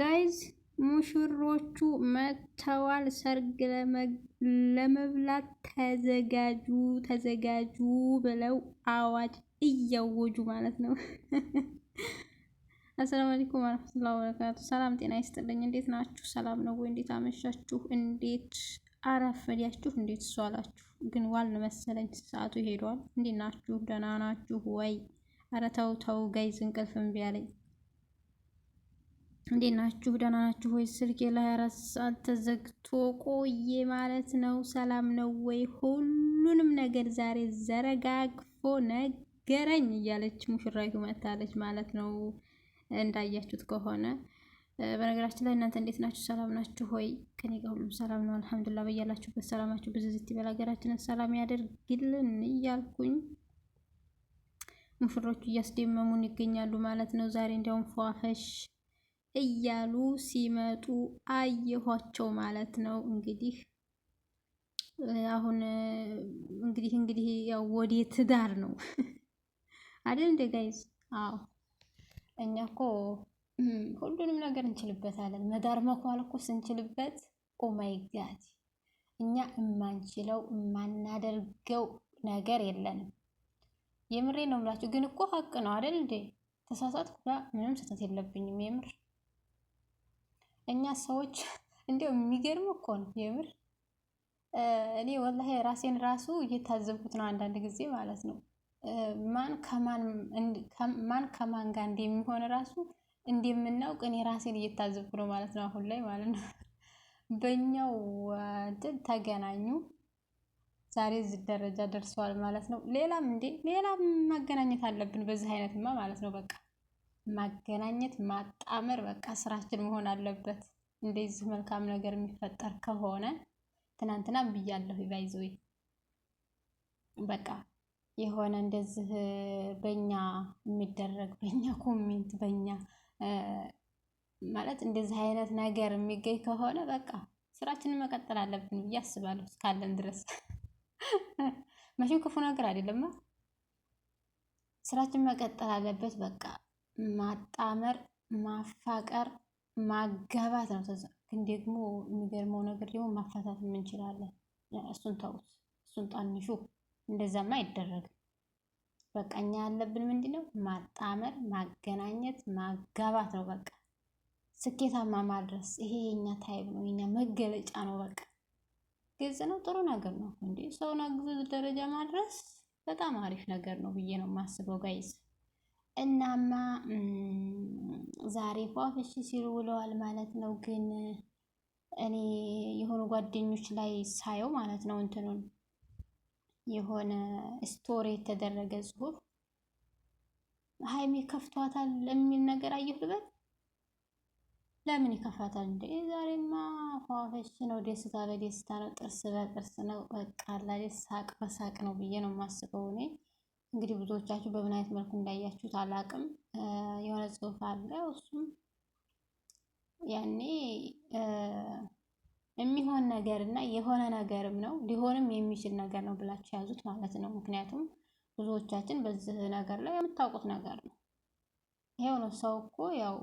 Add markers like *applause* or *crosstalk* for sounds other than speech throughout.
ጋይዝ ሙሽሮቹ መጥተዋል። ሰርግ ለመብላት ተዘጋጁ ተዘጋጁ ብለው አዋጅ እያወጁ ማለት ነው። *laughs* አሰላሙ አለይኩም ወራህመቱላሂ ወበረካቱ። ሰላም ጤና ይስጥልኝ። እንዴት ናችሁ? ሰላም ነው ወይ? እንዴት አመሻችሁ? እንዴት አረፈዳችሁ? እንዴት ሷላችሁ? ግን ዋልን መሰለኝ ሰዓቱ ሄዷል። እንዴት ናችሁ? ደህና ናችሁ ወይ? ኧረ ተው ተው ጋይዝ እንቅልፍ እምቢ አለኝ። እንዴት ናችሁ? ደህና ናችሁ ወይ? ስልኬ ለ24 ሰዓት ተዘግቶ ቆየ ማለት ነው። ሰላም ነው ወይ? ሁሉንም ነገር ዛሬ ዘረጋግፎ ነገረኝ እያለች ሙሽራይቱ መታለች ማለት ነው። እንዳያችሁት ከሆነ በነገራችን ላይ እናንተ እንዴት ናችሁ? ሰላም ናችሁ ሆይ? ከኔ ጋር ሁሉም ሰላም ነው አልሐምዱላ። በያላችሁበት ሰላማችሁ ብዙ ዝት ይበል፣ ሀገራችንን ሰላም ያደርግልን እያልኩኝ ሙሽሮቹ እያስደመሙን ይገኛሉ ማለት ነው። ዛሬ እንዲያውም ፏፈሽ እያሉ ሲመጡ አየኋቸው ማለት ነው። እንግዲህ አሁን እንግዲህ እንግዲህ ያው ወደ ትዳር ነው *laughs* አይደል እንደ ጋይዝ? አዎ እኛ እኮ ሁሉንም ነገር እንችልበታለን። መዳር መኳል እኮ ስንችልበት ኦማይ ጋድ እኛ እማንችለው እማናደርገው ነገር የለንም። የምሬ ነው ብላችሁ ግን እኮ ሀቅ ነው አይደል እንዴ? ተሳሳትኩ ምንም ስህተት የለብኝም የምር እኛ ሰዎች *laughs* እንዲው የሚገርም እኮ ነው የምር። እኔ ወላሂ ራሴን ራሱ እየታዘብኩት ነው አንዳንድ ጊዜ ማለት ነው። ማን ከማን ጋር እንደሚሆን ራሱ እንደምናውቅ እኔ ራሴን እየታዘብኩ ነው ማለት ነው፣ አሁን ላይ ማለት ነው። *laughs* በእኛው እንትን ተገናኙ ዛሬ እዚህ ደረጃ ደርሰዋል ማለት ነው። ሌላም እንዴ ሌላም ማገናኘት አለብን በዚህ አይነትማ ማለት ነው በቃ ማገናኘት ማጣመር በቃ ስራችን መሆን አለበት። እንደዚህ መልካም ነገር የሚፈጠር ከሆነ ትናንትና ብያለሁ ባይዘዌ በቃ የሆነ እንደዚህ በኛ የሚደረግ በኛ ኮሜንት በኛ ማለት እንደዚህ አይነት ነገር የሚገኝ ከሆነ በቃ ስራችንን መቀጠል አለብን ብዬ አስባለሁ። እስካለን ድረስ መቼም ክፉ ነገር አይደለም። ስራችን መቀጠል አለበት በቃ ማጣመር፣ ማፋቀር፣ ማጋባት ነው። ግን ደግሞ የሚገርመው ነገር ደግሞ ማፋታት እንችላለን። እሱን ተውት፣ እሱን ጣንሹ እንደዛማ አይደረግም። በቃ እኛ ያለብን ምንድን ነው? ማጣመር፣ ማገናኘት፣ ማጋባት ነው። በቃ ስኬታማ ማድረስ፣ ይሄ የኛ ታይብ ነው፣ የኛ መገለጫ ነው። በቃ ግልጽ ነው። ጥሩ ነገር ነው እንዴ! ሰውን አግዞ ደረጃ ማድረስ በጣም አሪፍ ነገር ነው ብዬ ነው የማስበው ጋይዝ እናማ ዛሬ ፏፈሽ ሲሉ ውለዋል ማለት ነው። ግን እኔ የሆኑ ጓደኞች ላይ ሳየው ማለት ነው እንትኑን የሆነ ስቶሪ የተደረገ ጽሁፍ ሀይሚ ከፍቷታል የሚል ነገር አየሁ ልበል። ለምን ይከፋታል እንዴ? ዛሬማ ፏፈሽ ነው። ደስታ በደስታ ነው፣ ጥርስ በጥርስ ነው። በቃ ሳቅ በሳቅ ነው ብዬ ነው የማስበው እኔ። እንግዲህ ብዙዎቻችሁ በምን አይነት መልኩ እንዳያችሁት አላቅም። የሆነ ጽሁፍ አለ። እሱም ያኔ የሚሆን ነገር እና የሆነ ነገርም ነው ሊሆንም የሚችል ነገር ነው ብላችሁ ያዙት ማለት ነው። ምክንያቱም ብዙዎቻችን በዚህ ነገር ላይ የምታውቁት ነገር ነው። ይሄው ነው ሰው እኮ ያው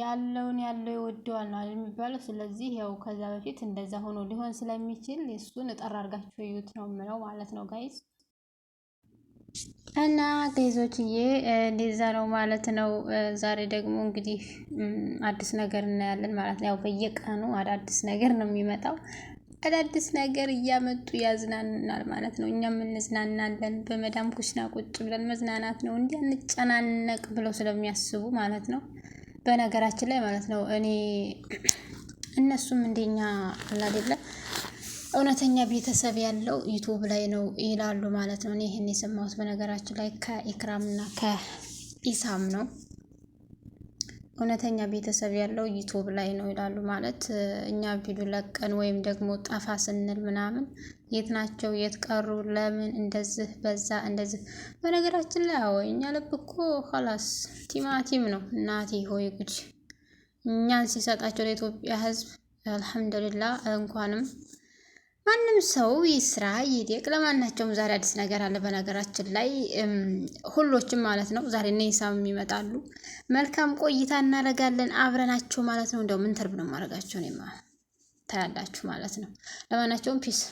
ያለውን ያለው ይወደዋል ነው የሚባለው። ስለዚህ ያው ከዛ በፊት እንደዛ ሆኖ ሊሆን ስለሚችል እሱን እጠራ አድርጋችሁ እዩት ነው የምለው ማለት ነው ጋይዝ እና ገይዞችዬ እንደዛ ነው ማለት ነው። ዛሬ ደግሞ እንግዲህ አዲስ ነገር እናያለን ማለት ነው። ያው በየቀኑ አዳዲስ ነገር ነው የሚመጣው። አዳዲስ ነገር እያመጡ ያዝናኑናል ማለት ነው። እኛም እንዝናናለን። በመዳም ኩሽና ቁጭ ብለን መዝናናት ነው እንዲ አንጨናነቅ ብለው ስለሚያስቡ ማለት ነው። በነገራችን ላይ ማለት ነው እኔ እነሱም እንደኛ አይደለ እውነተኛ ቤተሰብ ያለው ዩቱብ ላይ ነው ይላሉ ማለት ነው። እኔ ይህን የሰማሁት በነገራችን ላይ ከኢክራምና ከኢሳም ነው። እውነተኛ ቤተሰብ ያለው ዩቱብ ላይ ነው ይላሉ። ማለት እኛ ቪዲዮ ለቀን ወይም ደግሞ ጠፋ ስንል ምናምን የት ናቸው የት ቀሩ ለምን እንደዚህ በዛ እንደዚህ። በነገራችን ላይ አዎ እኛ ልብ እኮ ኸላስ ቲማቲም ነው። እናቴ ሆይ ጉድ እኛን ሲሰጣቸው ለኢትዮጵያ ሕዝብ አልሐምዱሊላ እንኳንም ማንም ሰው ይስራ ይዴቅ፣ ለማናቸውም ዛሬ አዲስ ነገር አለ። በነገራችን ላይ ሁሎችም ማለት ነው ዛሬ እነ ሂሳብ ይመጣሉ። መልካም ቆይታ እናደርጋለን አብረናቸው ማለት ነው። እንደው ምን ተርብ ነው ማድረጋችሁ ታያላችሁ ማለት ነው። ለማናቸውም ፒስ